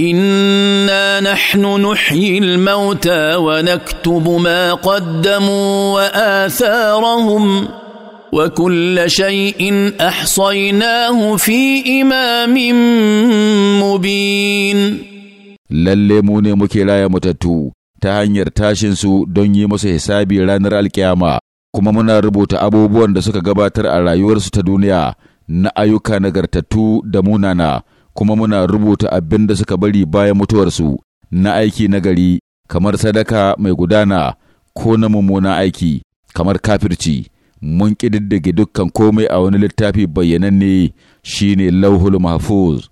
انا نحن نحيي الموتى ونكتب ما قدموا واثارهم وكل شيء احصيناه في امام مبين lalle mu ne muke raya matattu ta hanyar tashinsu don yi musu hisabi ranar alkiyama kuma muna rubuta abubuwan da suka gabatar a rayuwarsu ta duniya na ayyuka nagartattu da munana kuma muna rubuta abin da suka bari bayan mutuwarsu na aiki na gari kamar sadaka mai gudana ko na mummuna aiki kamar kafirci mun ƙididdige dukkan komai a wani littafi bayyananne shine lauhul mahfuz